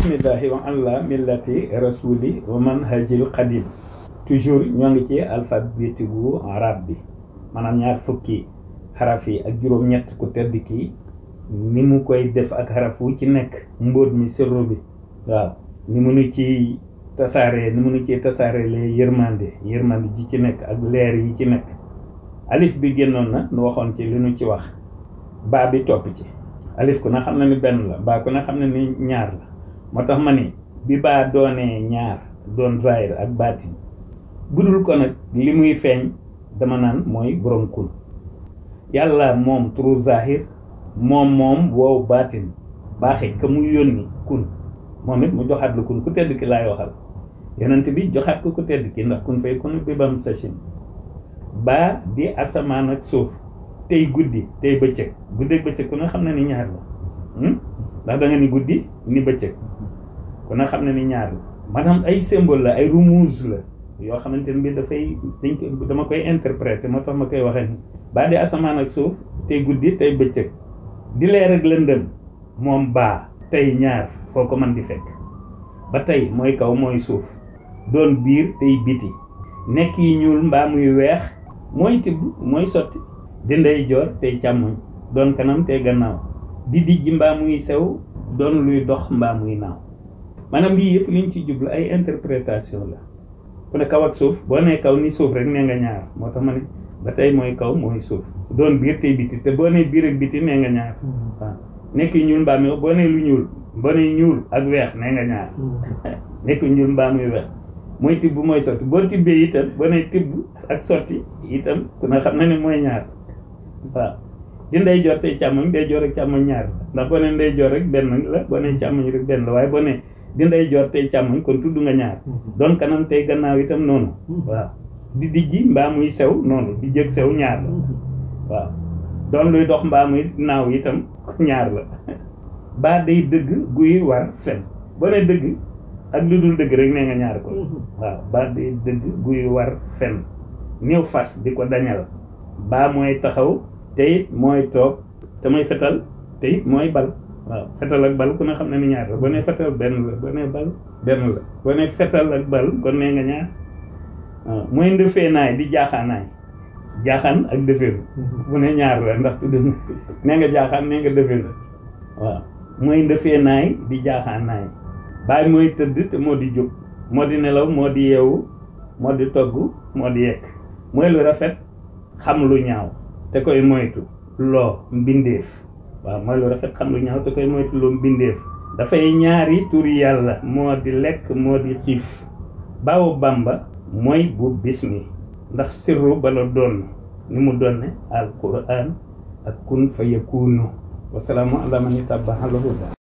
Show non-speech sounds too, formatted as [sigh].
bismillahi wa ala millati rasuli wa manhajil qadim toujours ñoo ngi ci alphabet gu arab bi maanaam ñaar fukki xaraf yi ak juróom-ñett ku tedd ki ni mu koy def ak xaraf wu ci nekk mbóot mi sirru bi waaw ni mu nu ci tasaare ni mu nu ci tasaare lee yërmande yërmande ji ci nekk ak leer yi ci nekk alif bi génnoon na nu waxoon ci li nu ci wax baa bi topp ci alif ku na xam na ni benn la baa ku na xam na ni ñaar la moo tax ma ni bi baa doonee ñaar doon zahir ak bu dul ko nag li muy feeñ dama naan mooy borom kun yàlla moom turu zahir moom moom woow baatin baaxe ka mu yónni kun moom it mu joxaat lu kun ku tedd ki laay waxal yonent bi joxaat ko ku tedd ki ndax kun fay kun bi bam sachin baa di asamaan ak suuf tey guddi tey bëccëg guddeeg bëccëg ku ne xam na ñaar la Hmm? ndax da nga ni guddi ni bëccëg ku na xam ne ni ñaar maanaam ay symbole la ay rumuuz la yoo xamante ne bi dafay dañ ko dama koy interpréter moo tax ma koy waxee ni baa di asamaan ak suuf tey guddi tey bëccëg di leer ak lëndëm moom baa tey ñaar foo ko man di fekk ba tey mooy kaw mooy suuf doon biir tey biti nekk yi ñuul mbaa muy weex mooy tibb mooy sotti di ndeyjoor tey càmmoñ doon kanam tey gannaaw di dijji mbaa muy sew doon luy dox mbaa muy naaw maanaam lii yëpp liñ ci jublu ay interpretation la ku ne kaw ak suuf boo nee kaw ni suuf rek nee nga ñaar moo tax ma ne ba tey mooy kaw mooy suuf doon biir tey biti te boo nee biir ak biti nee nga ñaar mm-hmm. waaw ñuul mbaa muy boo nee lu ñuul boo nee ñuul ak weex ne nga ñaar mm-hmm. [laughs] nekk ñuul mbaa muy weex mooy tibb mooy sotti boo tibbee itam boo nee tibb ak sotti itam ku ne xam na ne mooy ñaar waaw di ndey joor tey càmmoñ day joor ak càmmoñ ñaar ndax boo ne ndey joor rek benn la boo ne càmmoñ rek benn la waaye boo ne di ndey joor tey càmmoñ kon tudd nga ñaar mhm. doon kanam tey gannaaw itam noonu mhm. waaw di dijji mbaa muy sew noonu di jëg sew ñaar la mhm. waaw doon luy dox mbaa muy naaw itam [laughs] ñaar la baa day dëgg guy war fen boo ne dëgg ak lu dul dëgg rek nee nga ñaar ko waaw baa day dëgg guy war fen néew fas di ko dañal baa mooy taxaw te mooy toog te mooy fetal te mooy bal waaw fetal ak bal ku ne xam ne ni ñaar la boo nee fetal benn la boo nee bal benn la boo nee fetal ak bal kon nee nga ñaar mooy ndëfee naay di jaaxaanaay jaaxaan ak dëfeeru mhm. bu ne ñaar la ndax tudd nee nga jaaxaan nee nga dëfeeru waaw mooy ndëfee naay di jaaxaanaay baay mooy tëdd te moo di jóg moo di nelaw moo di yeewu moo di togg moo di yekk mooy lu rafet xam lu ñaaw te koy moytu loo mbindeef waaw mooy lu rafet xam lu ñaaw te koy moytu loo mbindeef dafay ñaari turi yàlla moo di lekk moo di xiif baawu bàmba moy bu bismi ndax sirru ba la doon ni mu doon ne al quraan ak kun fa yakunu wasalaamu ala man itabaa al huda